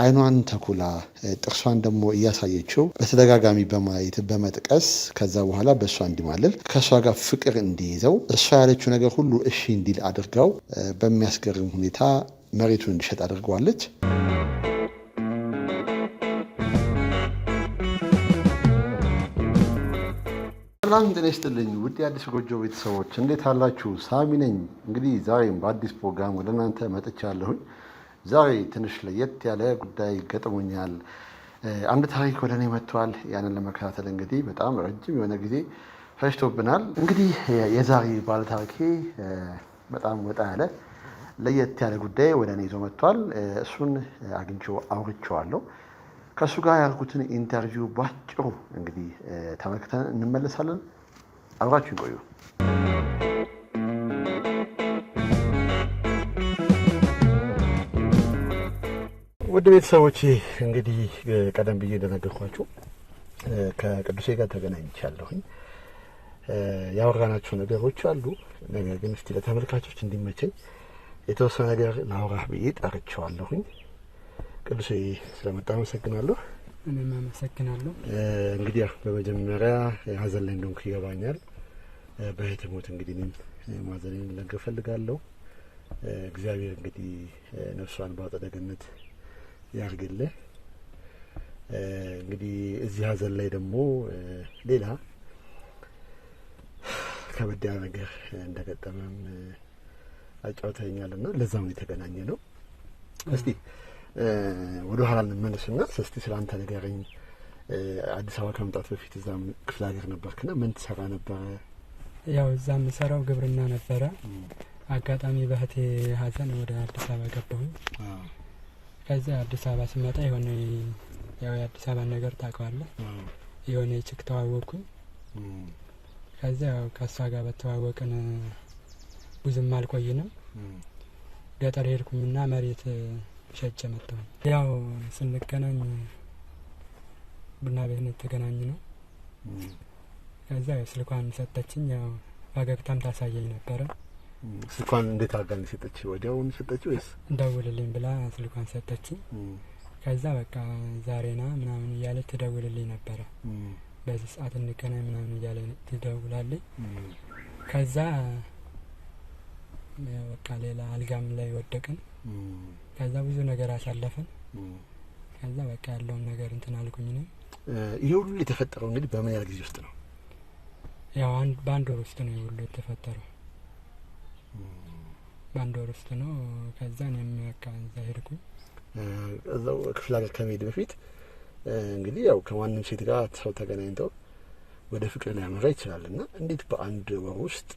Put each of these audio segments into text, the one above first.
አይኗን ተኩላ ጥርሷን ደግሞ እያሳየችው በተደጋጋሚ በማየት በመጥቀስ ከዛ በኋላ በእሷ እንዲማልል ከእሷ ጋር ፍቅር እንዲይዘው እሷ ያለችው ነገር ሁሉ እሺ እንዲል አድርገው በሚያስገርም ሁኔታ መሬቱን እንዲሸጥ አድርገዋለች። ሰላም ጤና ይስጥልኝ ውድ የአዲስ ጎጆ ቤተሰቦች እንዴት አላችሁ? ሳሚ ነኝ። እንግዲህ ዛሬም በአዲስ ፕሮግራም ወደ እናንተ መጥቻለሁኝ። ዛሬ ትንሽ ለየት ያለ ጉዳይ ገጥሞኛል። አንድ ታሪክ ወደ እኔ መጥቷል። ያንን ለመከታተል እንግዲህ በጣም ረጅም የሆነ ጊዜ ፈጅቶብናል። እንግዲህ የዛሬ ባለታሪኬ በጣም ወጣ ያለ ለየት ያለ ጉዳይ ወደ እኔ ይዞ መጥቷል። እሱን አግኝቼው አውርቼዋለሁ። ከእሱ ጋር ያልኩትን ኢንተርቪው ባጭሩ እንግዲህ ተመልክተን እንመለሳለን። አብራችሁ ይቆዩ። ውድ ቤተሰቦቼ እንግዲህ ቀደም ብዬ እንደነገርኳችሁ ከቅዱሴ ጋር ተገናኝቻለሁኝ። ያወራናቸው ነገሮች አሉ። ነገር ግን እስቲ ለተመልካቾች እንዲመቸኝ የተወሰነ ነገር ለአውራህ ብዬ ጠርቸዋለሁኝ። ቅዱሴ ስለመጣ አመሰግናለሁ። እኔም አመሰግናለሁ። እንግዲህ በመጀመሪያ ሀዘን ላይ እንደሆንኩ ይገባኛል። በእህት ሞት እንግዲህ እኔም ማዘኔን ልነግር እፈልጋለሁ። እግዚአብሔር እንግዲህ ነፍሷን በአጸደ ገነት ያርግልህ። እንግዲህ እዚህ ሀዘን ላይ ደግሞ ሌላ ከበድ ያለ ነገር እንደገጠመም አጫውተኛል እና ለዛም የተገናኘ ነው። እስቲ ወደ ኋላ እንመለስና እስቲ ስለ አንተ ንገረኝ። አዲስ አበባ ከመምጣት በፊት እዛም ክፍለ ሀገር ነበርክና ምን ትሰራ ነበረ? ያው እዛ የምሰራው ግብርና ነበረ። አጋጣሚ በህቴ ሀዘን ወደ አዲስ አበባ ገባሁኝ። ከዚያ አዲስ አበባ ስመጣ የሆነ ያው የአዲስ አበባ ነገር ታውቀዋለህ። የሆነ ችክ ተዋወቅኩኝ። ከዚያ ከእሷ ጋር በተዋወቅን ብዙም አልቆይንም ገጠር ሄድኩኝና መሬት ሸጬ መጣሁ። ያው ስንገናኝ ቡና ቤት ነው የተገናኝ ነው። ከዚያ ስልኳን ሰጠችኝ። ያው ፈገግታም ታሳየኝ ነበረ። ስልኳን እንዴት አርጋን ነው ወዲያውን ሰጠችህ ወይስ እንደውልልኝ ብላ ስልኳን ሰጠችኝ። ከዛ በቃ ዛሬና ምናምን እያለ ትደውልልኝ ነበረ። በዚህ ሰዓት እንገናኝ ምናምን እያለ ትደውላለኝ። ከዛ በቃ ሌላ አልጋም ላይ ወደቅን። ከዛ ብዙ ነገር አሳለፍን። ከዛ በቃ ያለውን ነገር እንትን አልኩኝ ነው። ይሄ ሁሉ የተፈጠረው እንግዲህ በምን ያህል ጊዜ ውስጥ ነው? ያው በአንድ ወር ውስጥ ነው ሁሉ የተፈጠረው። በአንድ ወር ውስጥ ነው። ከዛን እኔም እዛ ሄድኩኝ። እዛው ክፍለ ሀገር ከመሄድ በፊት እንግዲህ ያው ከማንም ሴት ጋር ሰው ተገናኝተው ወደ ፍቅር ሊያመራ ይችላል እና እንዴት በአንድ ወር ውስጥ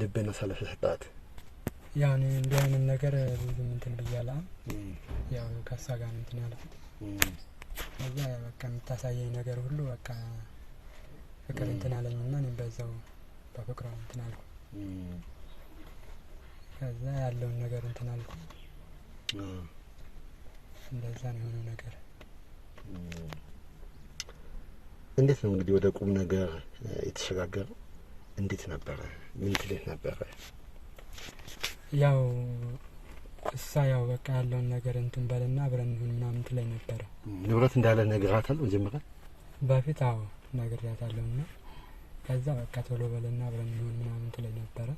ልብን አሳልፈ ሰጣት? ያው እኔ እንዲህ አይነት ነገር ብዙም እንትን ብያላ ያው ከእሷ ጋር እንትን ያልኩት እዛ በቃ የምታሳየኝ ነገር ሁሉ በቃ ፍቅር እንትን አለኝ ና እኔም በዛው በፍቅሯ እንትን አልኩ። ከዛ ያለውን ነገር እንትን አልኩ። እንደዛ ነው የሆነው ነገር። እንዴት ነው እንግዲህ ወደ ቁም ነገር የተሸጋገረው? እንዴት ነበረ? ምን ትልህ ነበረ? ያው እሳ ያው በቃ ያለውን ነገር እንትን በልና አብረን ሁን ምናምን ትለኝ ነበረ። ንብረት እንዳለ ነግራታል መጀመሪያ በፊት? አዎ ነግሬያታለሁ እና ከዛ በቃ ቶሎ በለና ብለን ሆን ምናምን ትለኝ ነበረ።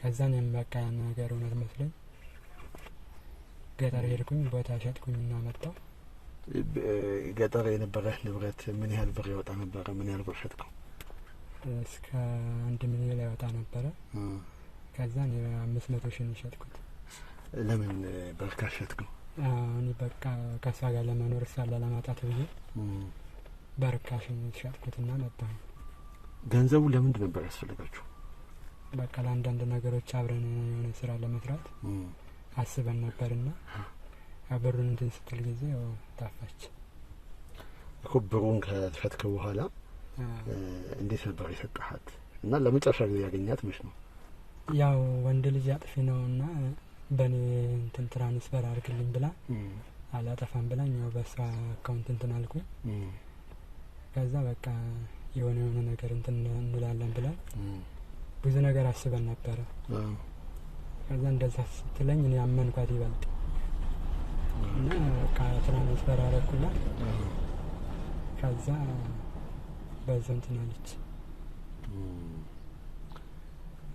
ከዛን እኔም በቃ ያን ነገር እውነት መስለኝ ገጠር ሄድኩኝ፣ ቦታ ሸጥኩኝ እና መጣሁ። ገጠር የነበረ ንብረት ምን ያህል ብር ይወጣ ነበረ? ምን ያህል ብር ሸጥኩ? እስከ አንድ ሚሊዮን ያወጣ ነበረ። ከዛ እኔ አምስት መቶ ሺህ ነው ሸጥኩት። ለምን በርካ ሸጥኩ? እኔ በቃ ከእሷ ጋር ለመኖር እሷን ለማጣት ብዬ በርካሽ ሸጥኩትና መጣሁ። ገንዘቡ ለምንድን ነበር ያስፈልጋችሁ? በቃ ለአንዳንድ ነገሮች አብረን የሆነ ስራ ለመስራት አስበን ና ብሩን እንትን ስትል ጊዜ ታፋች እኮ። ብሩን ከፈትክ በኋላ እንዴት ነበር የሰጠሀት? እና ለመጨረሻ ጊዜ ያገኛት መች ነው? ያው ወንድ ልጅ አጥፊ ነው እና በእኔ እንትን ትራንስፈር አድርግልኝ ብላ አላጠፋም ብላኝ ያው በእሷ አካውንት እንትን አልኩኝ። ከዛ በቃ የሆነ የሆነ ነገር እንትን እንላለን ብለን ብዙ ነገር አስበን ነበረ። ከዛ እንደዛ ስትለኝ እኔ አመንኳት ይበልጥ እና ከትናንት በራረኩላት ከዛ በዛ እንትን አለች።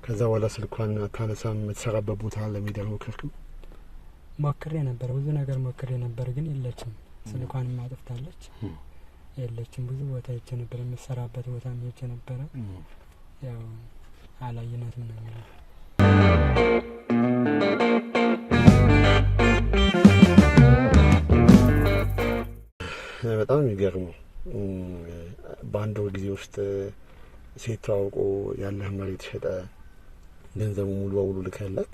ከዛ በኋላ ስልኳን አታነሳም። የምትሰራበት ቦታ ለመሄድ አልሞከርክም? ሞክሬ ነበር፣ ብዙ ነገር ሞክሬ ነበር፣ ግን የለችም። ስልኳን ማጥፍታለች። የለችም። ብዙ ቦታ ሄጄ ነበር፣ የምትሰራበት ቦታ ሄጄ ነበረ። ያው አላየናትም ነው የሚለው በጣም የሚገርመው በአንድ ወር ጊዜ ውስጥ ሴት ተዋውቆ ያለህ መሬት ሸጠ፣ ገንዘቡ ሙሉ በሙሉ ልከለት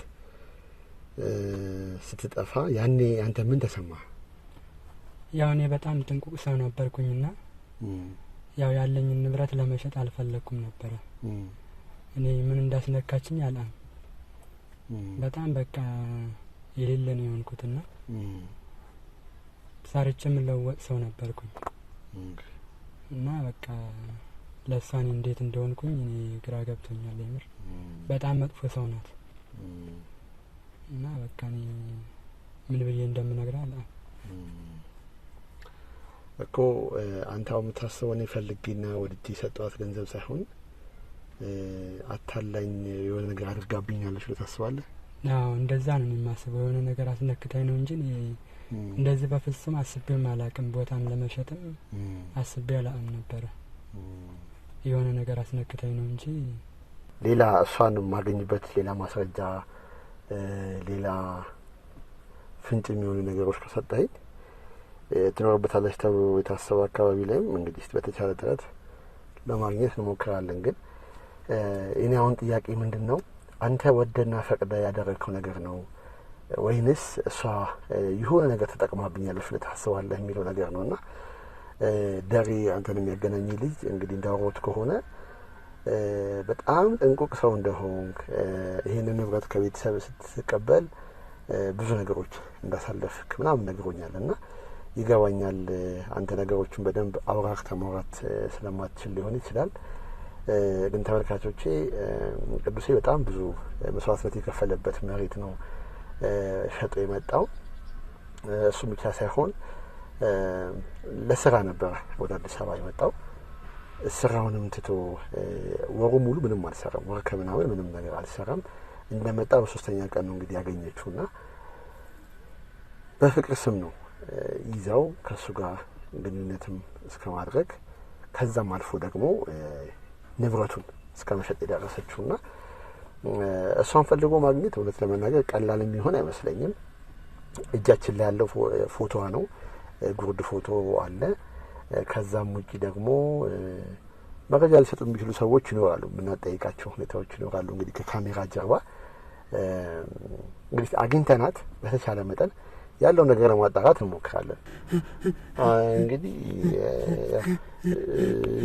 ስትጠፋ፣ ያኔ አንተ ምን ተሰማህ? ያው እኔ በጣም ጥንቁቅ ሰው ነበርኩኝና ያው ያለኝን ንብረት ለመሸጥ አልፈለግኩም ነበረ። እኔ ምን እንዳስነካችኝ አላም በጣም በቃ የሌለ ነው የሆንኩትና ሳርችም ለወጥ ሰው ነበርኩኝ እና በቃ ለእሷን እንዴት እንደሆንኩኝ እኔ ግራ ገብቶኛል። የምር በጣም መጥፎ ሰው ናት እና በቃ እኔ ምን ብዬ እንደምነግራ አላም እኮ አንተ አሁን የምታስበው እኔ ፈልጌና የሰጠዋት ገንዘብ ሳይሆን አታላኝ የሆነ ነገር አድርጋብኛለች ብለህ ታስባለህ? አዎ እንደዛ ነው የማስበው። የሆነ ነገር አስነክታኝ ነው እንጂ እንደዚህ በፍጹም አስቤም አላቅም። ቦታም ለመሸጥም አስቤ አላም ነበረ። የሆነ ነገር አስነክታኝ ነው እንጂ ሌላ እሷን የማገኝበት ሌላ ማስረጃ፣ ሌላ ፍንጭ የሚሆኑ ነገሮች ከሰጠኝ ትኖርበታለች ተብሎ የታሰበ አካባቢ ላይም እንግዲህ በተቻለ ጥረት ለማግኘት እንሞክራለን። ግን እኔ አሁን ጥያቄ ምንድን ነው አንተ ወደና ፈቅደ ያደረግከው ነገር ነው ወይንስ እሷ የሆነ ነገር ተጠቅማብኛለች ብለህ ታስባለህ የሚለው ነገር ነው እና ደሬ አንተን የሚያገናኝ ልጅ እንግዲህ እንዳወሩት ከሆነ በጣም ጥንቁቅ ሰው እንደሆንክ ይህንን ንብረት ከቤተሰብ ስትቀበል ብዙ ነገሮች እንዳሳለፍክ ምናምን ነግሮኛል እና ይገባኛል። አንተ ነገሮቹን በደንብ አብራርተህ ማውራት ስለማትችል ሊሆን ይችላል። ግን ተመልካቾቼ ቅዱሴ በጣም ብዙ መስዋዕትነት የከፈለበት መሬት ነው ሸጦ የመጣው። እሱም ብቻ ሳይሆን ለስራ ነበረ ወደ አዲስ አበባ የመጣው። ስራውንም ትቶ ወሩ ሙሉ ምንም አልሰራም። ወር ከምናምን ምንም ነገር አልሰራም። እንደመጣ በሶስተኛ ቀን ነው እንግዲህ ያገኘችውና በፍቅር ስም ነው ይዘው ከእሱ ጋር ግንኙነትም እስከ ማድረግ ከዛም አልፎ ደግሞ ንብረቱን እስከ መሸጥ የደረሰችውና እሷን ፈልጎ ማግኘት እውነት ለመናገር ቀላል የሚሆን አይመስለኝም። እጃችን ላይ ያለው ፎቶዋ ነው፣ ጉርድ ፎቶ አለ። ከዛም ውጭ ደግሞ መረጃ ሊሰጡ የሚችሉ ሰዎች ይኖራሉ፣ የምናጠይቃቸው ሁኔታዎች ይኖራሉ። እንግዲህ ከካሜራ ጀርባ እንግዲህ አግኝተናት በተቻለ መጠን ያለው ነገር ለማጣራት እንሞክራለን። እንግዲህ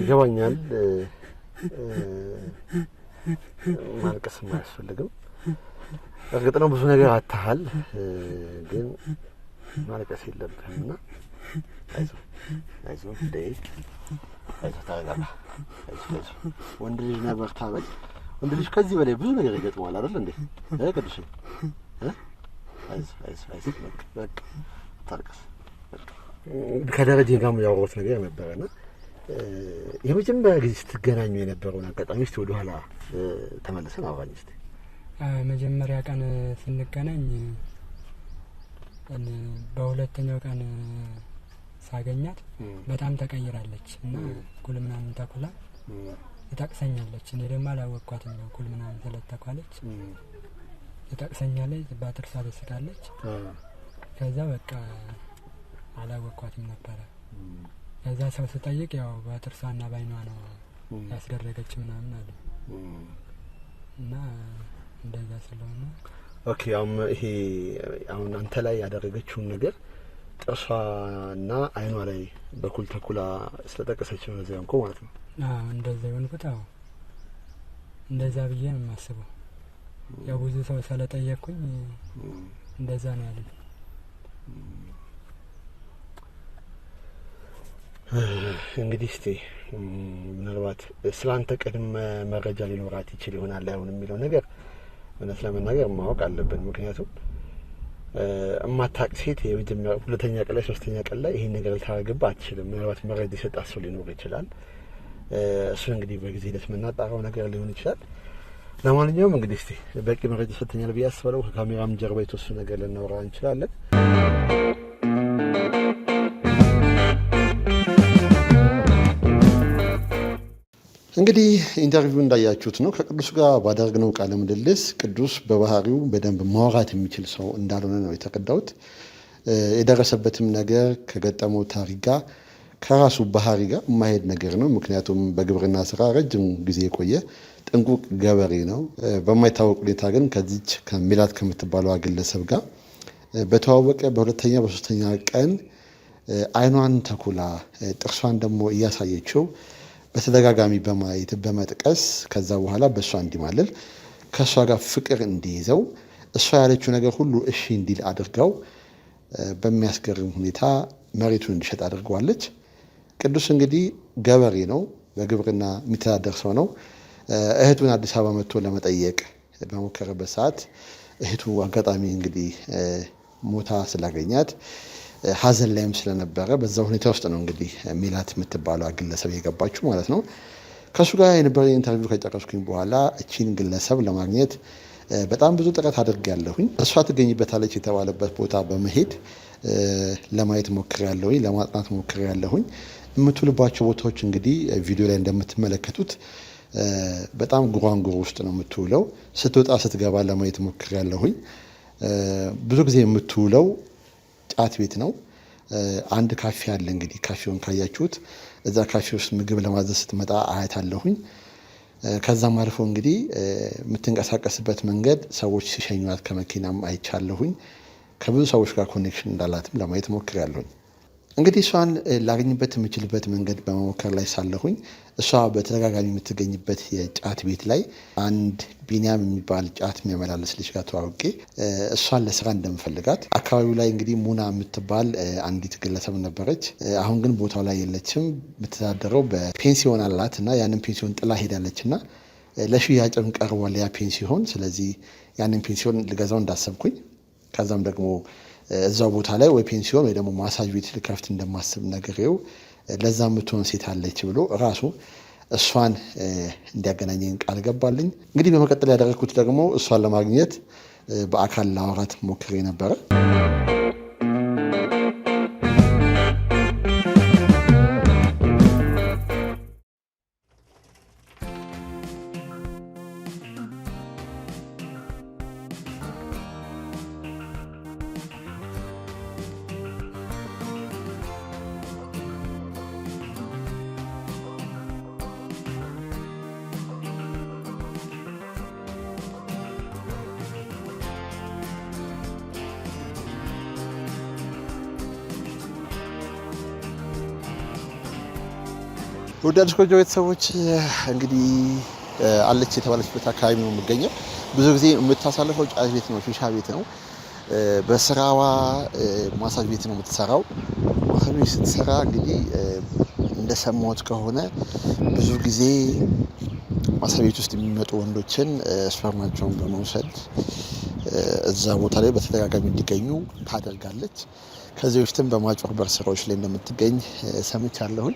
ይገባኛል፣ ማልቀስም አያስፈልግም። እርግጥ ነው ብዙ ነገር አታሃል፣ ግን ማልቀስ የለብህም እና አይዞህ አይዞህ ተረጋጋ፣ ወንድ ልጅ ነበር ታበል ወንድ ልጅ ከዚህ በላይ ብዙ ነገር ይገጥመዋል አይደል እንዴ ቅዱስ ከደረጀ ጋርም ያወሩት ነገር ነበረና የመጀመሪያ ጊዜ ስትገናኙ የነበረውን አጋጣሚ እስቲ ወደኋላ ተመልሰን አውራኝ ስ መጀመሪያ ቀን ስንገናኝ በሁለተኛው ቀን ሳገኛት በጣም ተቀይራለች እና ኩል ምናምን ተኩላ ትጠቅሰኛለች። እኔ ደግሞ አላወቅኳትም። ኩል ምናምን ስለተኳለች ትጠቅሰኛለች፣ በጥርሷ ትስቃለች። ከዛ በቃ አላወቅኳትም ነበረ። ከዛ ሰው ስጠይቅ ያው በጥርሷና ባይኗ ነው ያስደረገች ምናምን አለ እና እንደዛ ስለሆነ ኦኬ። ያውም ይሄ አሁን አንተ ላይ ያደረገችውን ነገር ጥርሷና አይኗ ላይ በኩል ተኩላ ስለጠቀሰች ነው ዚያንኮ ማለት ነው እንደዛ የሆንኩት። አዎ እንደዛ ብዬ ነው የማስበው። ያው ብዙ ሰው ስለጠየቅኩኝ እንደዛ ነው ያለኝ። እንግዲህ እስቲ ምናልባት ስለ አንተ ቅድመ መረጃ ሊኖራት ይችል ይሆናል አይሆን የሚለው ነገር እውነት ለመናገር ማወቅ አለብን። ምክንያቱም እማታቅ ሴት ሁለተኛ ቀን ላይ ሶስተኛ ቀን ላይ ይህን ነገር ልታረግብ አትችልም። ምናልባት መረጃ የሰጣት ሰው ሊኖር ይችላል። እሱን እንግዲህ በጊዜ ሂደት የምናጣራው ነገር ሊሆን ይችላል። ለማንኛውም እንግዲህ እስቲ በቂ መረጃ ሰጥተኛል ብዬ አስባለሁ። ከካሜራም ጀርባ የተወሰነ ነገር ልናወራ እንችላለን። እንግዲህ ኢንተርቪው እንዳያችሁት ነው። ከቅዱስ ጋር ባደረግነው ቃለ ምልልስ ቅዱስ በባህሪው በደንብ ማውራት የሚችል ሰው እንዳልሆነ ነው የተረዳሁት። የደረሰበትም ነገር ከገጠመው ታሪክ ጋር ከራሱ ባህሪ ጋር የማሄድ ነገር ነው። ምክንያቱም በግብርና ስራ ረጅም ጊዜ የቆየ ጥንቁቅ ገበሬ ነው። በማይታወቅ ሁኔታ ግን ከዚች ከሚላት ከምትባለው ግለሰብ ጋር በተዋወቀ በሁለተኛ በሶስተኛ ቀን አይኗን ተኩላ ጥርሷን ደግሞ እያሳየችው በተደጋጋሚ በማየት በመጥቀስ ከዛ በኋላ በእሷ እንዲማልል ከእሷ ጋር ፍቅር እንዲይዘው እሷ ያለችው ነገር ሁሉ እሺ እንዲል አድርገው በሚያስገርም ሁኔታ መሬቱን እንዲሸጥ አድርገዋለች። ቅዱስ እንግዲህ ገበሬ ነው፣ በግብርና የሚተዳደር ሰው ነው። እህቱን አዲስ አበባ መጥቶ ለመጠየቅ በሞከረበት ሰዓት እህቱ አጋጣሚ እንግዲህ ሞታ ስላገኛት ሀዘን ላይም ስለነበረ በዛ ሁኔታ ውስጥ ነው እንግዲህ ሚላት የምትባለው ግለሰብ የገባችው ማለት ነው። ከእሱ ጋር የነበረ ኢንተርቪው ከጨረስኩኝ በኋላ እቺን ግለሰብ ለማግኘት በጣም ብዙ ጥረት አድርጌያለሁኝ። እሷ ትገኝበታለች የተባለበት ቦታ በመሄድ ለማየት ያለሁኝ ለማጥናት ያለሁኝ የምትውልባቸው ቦታዎች እንግዲህ ቪዲዮ ላይ እንደምትመለከቱት በጣም ጉራንጉር ውስጥ ነው የምትውለው። ስትወጣ ስትገባ ለማየት ያለሁኝ ብዙ ጊዜ የምትውለው ጫት ቤት ነው። አንድ ካፌ አለ እንግዲህ ካፌውን ካያችሁት እዛ ካፌ ውስጥ ምግብ ለማዘዝ ስትመጣ አያት አለሁኝ ከዛም አልፎ እንግዲህ የምትንቀሳቀስበት መንገድ ሰዎች ሲሸኟት ከመኪናም አይቻለሁኝ። ከብዙ ሰዎች ጋር ኮኔክሽን እንዳላትም ለማየት ያለሁኝ እንግዲህ እሷን ላገኝበት የምችልበት መንገድ በመሞከር ላይ ሳለሁኝ እሷ በተደጋጋሚ የምትገኝበት የጫት ቤት ላይ አንድ ቢኒያም የሚባል ጫት የሚያመላለስ ልጅ ጋር ተዋውቄ እሷን ለስራ እንደምፈልጋት አካባቢው ላይ እንግዲህ ሙና የምትባል አንዲት ግለሰብ ነበረች። አሁን ግን ቦታው ላይ የለችም። የምትተዳደረው በፔንሲዮን አላት እና ያንን ፔንሲዮን ጥላ ሄዳለች እና ለሽያጭም ቀርቧል ያ ፔንሲዮን። ስለዚህ ያንን ፔንሲዮን ልገዛው እንዳሰብኩኝ ከዛም ደግሞ እዛው ቦታ ላይ ወይ ፔንሲዮን ወይ ደግሞ ማሳጅ ቤት ልከፍት እንደማስብ ነግሬው ለዛ የምትሆን ሴት አለች ብሎ ራሱ እሷን እንዲያገናኘኝ ቃል ገባልኝ። እንግዲህ በመቀጠል ያደረግኩት ደግሞ እሷን ለማግኘት በአካል ላወራት ሞክሬ ነበረ። ወዳጅ ኮጆ ቤተሰቦች እንግዲህ አለች የተባለችበት አካባቢ ነው የምገኘው። ብዙ ጊዜ የምታሳልፈው ጫት ቤት ነው፣ ሽሻ ቤት ነው። በስራዋ ማሳጅ ቤት ነው የምትሰራው። ማሳጅ ቤት ስትሰራ እንግዲህ እንደሰማሁት ከሆነ ብዙ ጊዜ ማሳጅ ቤት ውስጥ የሚመጡ ወንዶችን ስፐርማቸውን በመውሰድ እዛ ቦታ ላይ በተደጋጋሚ እንዲገኙ ታደርጋለች። ከዚህ በፊትም በማጭበርበር ስራዎች ላይ እንደምትገኝ ሰምቻለሁኝ።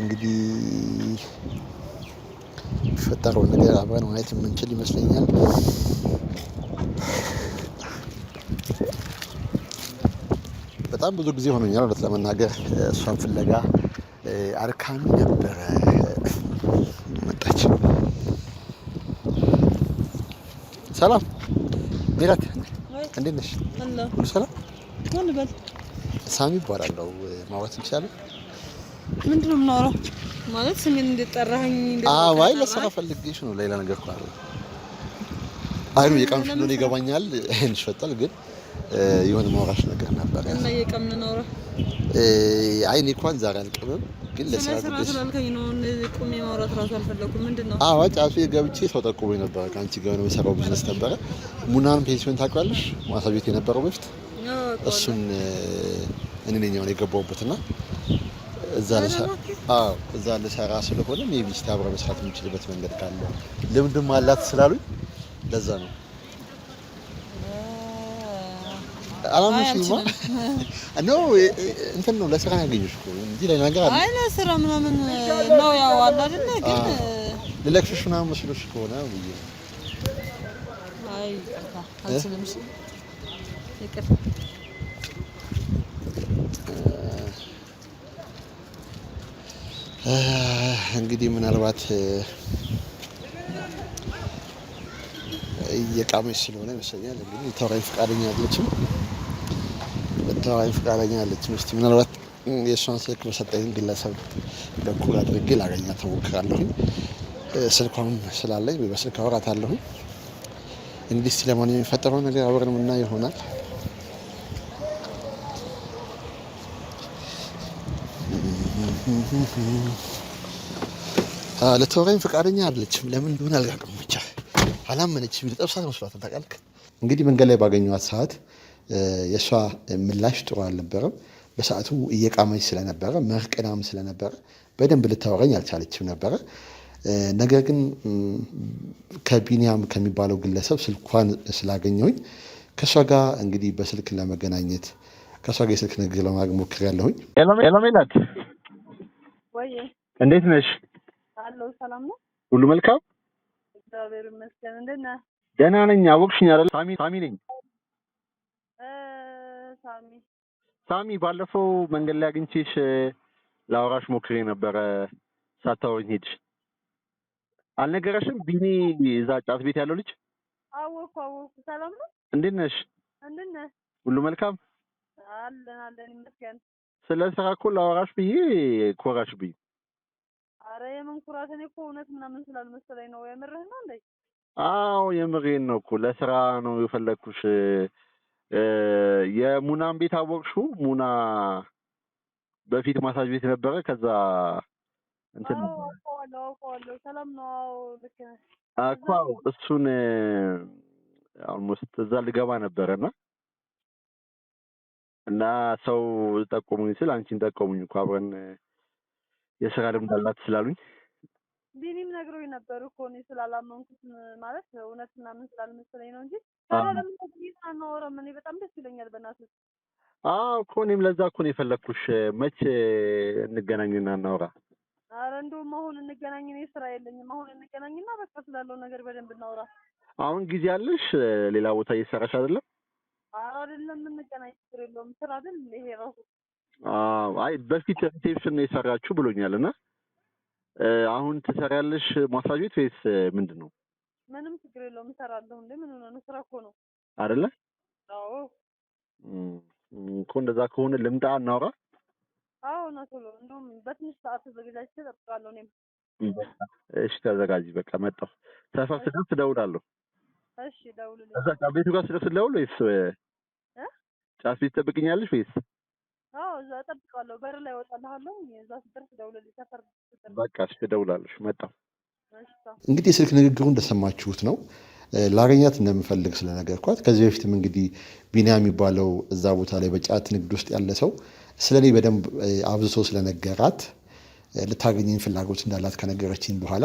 እንግዲህ የሚፈጠረውን ነገር አብረን ማየት የምንችል ይመስለኛል። በጣም ብዙ ጊዜ ሆኖኛል እውነት ለመናገር እሷን ፍለጋ አድካሚ ነበረ። መጣች። ሰላም ሜላት፣ እንዴት ነሽ? ሁሉ ሰላም። ሳሚ ይባላለው ማውራት እንችላለን? ምንድን ነው የምናወራው? ማለት ስሜን እንደጠራኸኝ አይ ለስራ ፈልጌሽ ነው ሌላ ነገር እኮ አይደለም። አይ የቀምሽ እንደሆነ ይገባኛል። ይሄን ይሸጣል ግን የሆነ ማውራሽ ነገር ነበር እና የቀምን ነው አውራ አይ እኔ እንኳን ዛሬ አልቀምም፣ ግን ለስራ ነው አዎ ጫፍ ገብቼ ሰው ጠቁሞኝ ነበረ። ከአንቺ ጋር ነው የምሰራው ቢዝነስ ነበረ። ሙናን ፔንሲዮን ታውቂዋለሽ? ማሳጅ የነበረው በፊት እሱን እኔ ነኝ አሁን የገባሁበትና እዛ ልሰራ ስለሆነ ሜይ ቢ እስኪ አብረን መስራት የምችልበት መንገድ ካለ ልምድም አላት ስላሉኝ ለዛ ነው። አላመሽኝማ ነው እንትን ነው ለስራ ያገኘሽ እኮ እንጂ ለነገር አለ። አይ ለስራ ምናምን ነው ያው አለ አይደለ? ግን ልለክሽሽ ምናምን መስሎሽ ከሆነ አይ ይቅርታ አልችልም። እሺ ይቅርታ እንግዲህ ምናልባት እየቃመች ስለሆነ ይመስለኛል። እንግዲህ ልታወራኝ ፈቃደኛ አለችም፣ ልታወራኝ ፈቃደኛ አለችም። እስኪ ምናልባት የእሷን ስልክ በሰጠኝ ግለሰብ በኩል አድርጌ ላገኛ እሞክራለሁኝ። ስልኳም ስላለኝ በስልክ አወራታለሁኝ። እንግዲህ እስኪ ለማንኛውም የሚፈጠረው ነገር አብረን ምና ይሆናል ልታወራኝ ፈቃደኛ አይደለችም። ለምን እንደሆነ አልጋቅም። ብቻ አላመነችም። ልጠብሳት መስሏት ታውቃለህ። እንግዲህ መንገድ ላይ ባገኘኋት ሰዓት የእሷ ምላሽ ጥሩ አልነበረም። በሰዓቱ እየቃመች ስለነበረ መርቅናም ስለነበረ በደንብ ልታወራኝ አልቻለችም ነበረ። ነገር ግን ከቢኒያም ከሚባለው ግለሰብ ስልኳን ስላገኘሁኝ ከእሷ ጋር እንግዲህ በስልክ ለመገናኘት ከእሷ ጋር የስልክ ንግግር ለማድረግ ሞክሬያለሁኝ። ቆየ። እንዴት ነሽ? አለሁ። ሰላም ነው? ሁሉ መልካም እግዚአብሔር ይመስገን። እንዴት ነህ? ደህና ነኝ። አወቅሽኝ አይደል? ሳሚ ሳሚ ነኝ። ሳሚ ሳሚ፣ ባለፈው መንገድ ላይ አግኝቼሽ ላውራሽ ሞክሬ ነበረ፣ ሳታወሪኝ ሄድሽ። አልነገረሽም? ቢኒ እዛ ጫት ቤት ያለው ልጅ አወኩ አወኩ። ሰላም ነው? እንዴት ነሽ? እንዴት ነህ? ሁሉ መልካም አለን አለን፣ ይመስገን። ስለ ስራ እኮ ላወራሽ ብዬ ኮራሽብኝ። አረ የምን ኩራት? እኔ እኮ እውነት ምናምን ስላልመሰለኝ ነው። የምርህ ነው እንዴ? አዎ የምሬን ነው እኮ ለስራ ነው የፈለግኩሽ። የሙናን ቤት አወቅሽው? ሙና በፊት ማሳጅ ቤት ነበረ። ከዛ እንትን ሰላም ነው እኮ እሱን አልሞስት እዛ ልገባ ነበረ ነበረና እና ሰው ጠቆሙኝ ስል አንቺን ጠቆሙኝ እኮ አብረን የስራ ልምድ አላት ስላሉኝ ቢኒም ነግሮኝ ነበር እኮ እኔ ስላላመንኩት ማለት እውነት ምናምን ስላልመሰለኝ ነው እንጂ አናወራም። እኔ በጣም ደስ ይለኛል። በእናትህ አዎ እኮ እኔም ለዛ እኮ ነው የፈለግኩሽ። መቼ እንገናኝና እናውራ? አረ እንደውም አሁን እንገናኝ። እኔ ስራ የለኝም። አሁን እንገናኝና በቃ ስላለው ነገር በደንብ እናውራ። አሁን ጊዜ አለሽ? ሌላ ቦታ እየሰራሽ አይደለም? አይደለም እንገናኝ ችግር የለውም እንትን ይሄ ራሱ አይ በፊት ሪሴፕሽን ነው የሰራችሁ ብሎኛል እና አሁን ትሰሪያለሽ ማሳጅ ቤት ወይስ ምንድን ነው? ምንም ችግር የለውም እሰራለሁ። እንደ ምን ሆነ ነው ስራ እኮ ነው አደለ አዎ እኮ እንደዛ ከሆነ ልምጣ እናውራ። አዎ ነው ቶሎ፣ እንደውም በትንሽ ሰዓት ተዘጋጅቼ እጠብቃለሁ። እኔም እሺ ተዘጋጅ በቃ መጣሁ። ሰፈር ስደርስ እደውላለሁ። እሺ እዛ ቤቱ ጋር ስለስደውል ወይስ ጫፍ ቤት ትጠብቅኛለሽ ወይስ? አዎ እዛ እጠብቃለሁ። በር ላይ እወጣልሃለሁ። እዛ ስደርስ ደውልልኝ። ሰፈር በቃ እሺ፣ እደውላለሁ። መጣሁ። እንግዲህ የስልክ ንግግሩ እንደሰማችሁት ነው። ላገኛት እንደምፈልግ ስለነገርኳት ከዚህ በፊትም እንግዲህ ቢኒያ የሚባለው እዛ ቦታ ላይ በጫት ንግድ ውስጥ ያለ ሰው ስለ እኔ በደንብ አብዝቶ ስለነገራት ልታገኘኝ ፍላጎት እንዳላት ከነገረችኝ በኋላ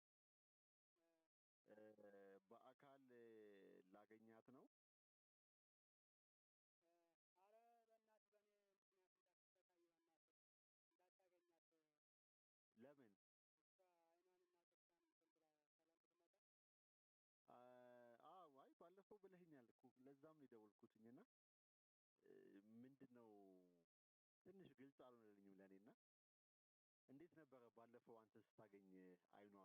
በአካል ላገኛት ነው። አረ በእኔ ምክንያት እንዳትሰቃይ እንዳታገኛት። ለምን እሷ ጥርሷን እንትን ብላ አዎ አይ ባለፈው ብለኸኛል እኮ ለዛም ነው የደወልኩትኝ እና ምንድን ነው ትንሽ ግልጽ አልሆነልኝም ለእኔና እንዴት ነበረ ባለፈው አንተ ስታገኝ አይኗ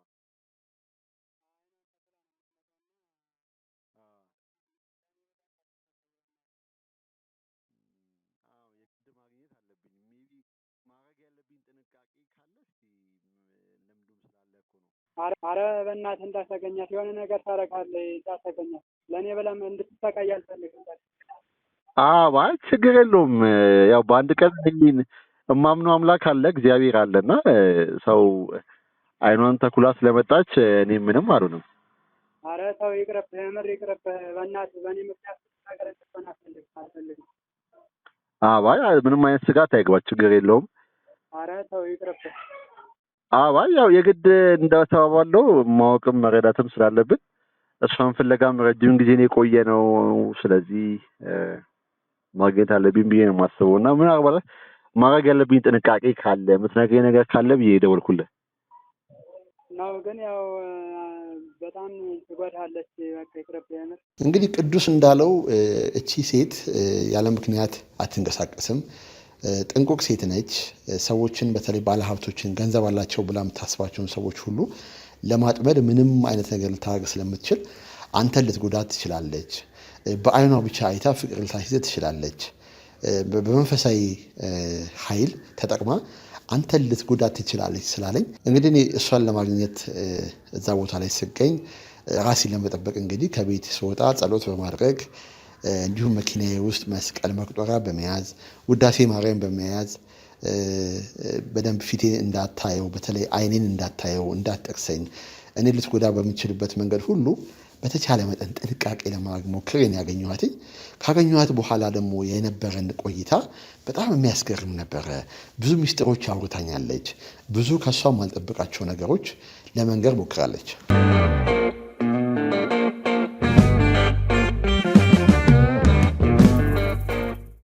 አረ በእናትህ እንዳሰገኛት የሆነ ነገር ታደርጋለህ። እንዳሰገኛት ለእኔ ብለም እንድትሰቃይ አልፈልግም። ማለት ችግር የለውም ያው በአንድ ቀን ህሊን እማምኑ አምላክ አለ እግዚአብሔር አለና ሰው አይኗን ተኩላ ስለመጣች እኔ ምንም አልሆንም። አረ ሰው ይቅርብህ፣ የምር ይቅርብህ። በእናትህ በእኔ ምክንያት ነገር እንድትሆን አልፈልግም። አይ ምንም አይነት ስጋት አይግባ፣ ችግር የለውም። አዋይ ያው የግድ እንዳተባባለው ማወቅም መረዳትም ስላለብን እሷን ፍለጋም ረጅም ጊዜ ነው የቆየ ነው። ስለዚህ ማግኘት አለብኝ ብዬ ነው የማስበው እና ምናልባት ማድረግ ያለብኝ ጥንቃቄ ካለ የምትነግረኝ ነገር ካለ ብዬ ደወልኩለ ነው። ግን ያው በጣም እንግዲህ ቅዱስ እንዳለው እቺ ሴት ያለ ምክንያት አትንቀሳቀስም። ጥንቁቅ ሴት ነች። ሰዎችን በተለይ ባለሀብቶችን ገንዘብ አላቸው ብላ የምታስባቸውን ሰዎች ሁሉ ለማጥመድ ምንም አይነት ነገር ልታደርግ ስለምትችል አንተን ልትጎዳት ትችላለች። በአይኗ ብቻ አይታ ፍቅር ልታስይዝ ትችላለች። በመንፈሳዊ ኃይል ተጠቅማ አንተን ልትጎዳት ትችላለች ስላለኝ እንግዲህ እኔ እሷን ለማግኘት እዛ ቦታ ላይ ስገኝ ራሴን ለመጠበቅ እንግዲህ ከቤት ስወጣ ጸሎት በማድረግ እንዲሁም መኪና ውስጥ መስቀል መቁጠሪያ በመያዝ ውዳሴ ማርያም በመያዝ በደንብ ፊቴን እንዳታየው፣ በተለይ አይኔን እንዳታየው፣ እንዳትጠቅሰኝ እኔ ልትጎዳ በምችልበት መንገድ ሁሉ በተቻለ መጠን ጥንቃቄ ለማድረግ ሞክሬን ያገኘኋትኝ ካገኘኋት በኋላ ደግሞ የነበረን ቆይታ በጣም የሚያስገርም ነበረ። ብዙ ሚስጥሮች አውርታኛለች። ብዙ ከሷ የማልጠብቃቸው ነገሮች ለመንገር ሞክራለች።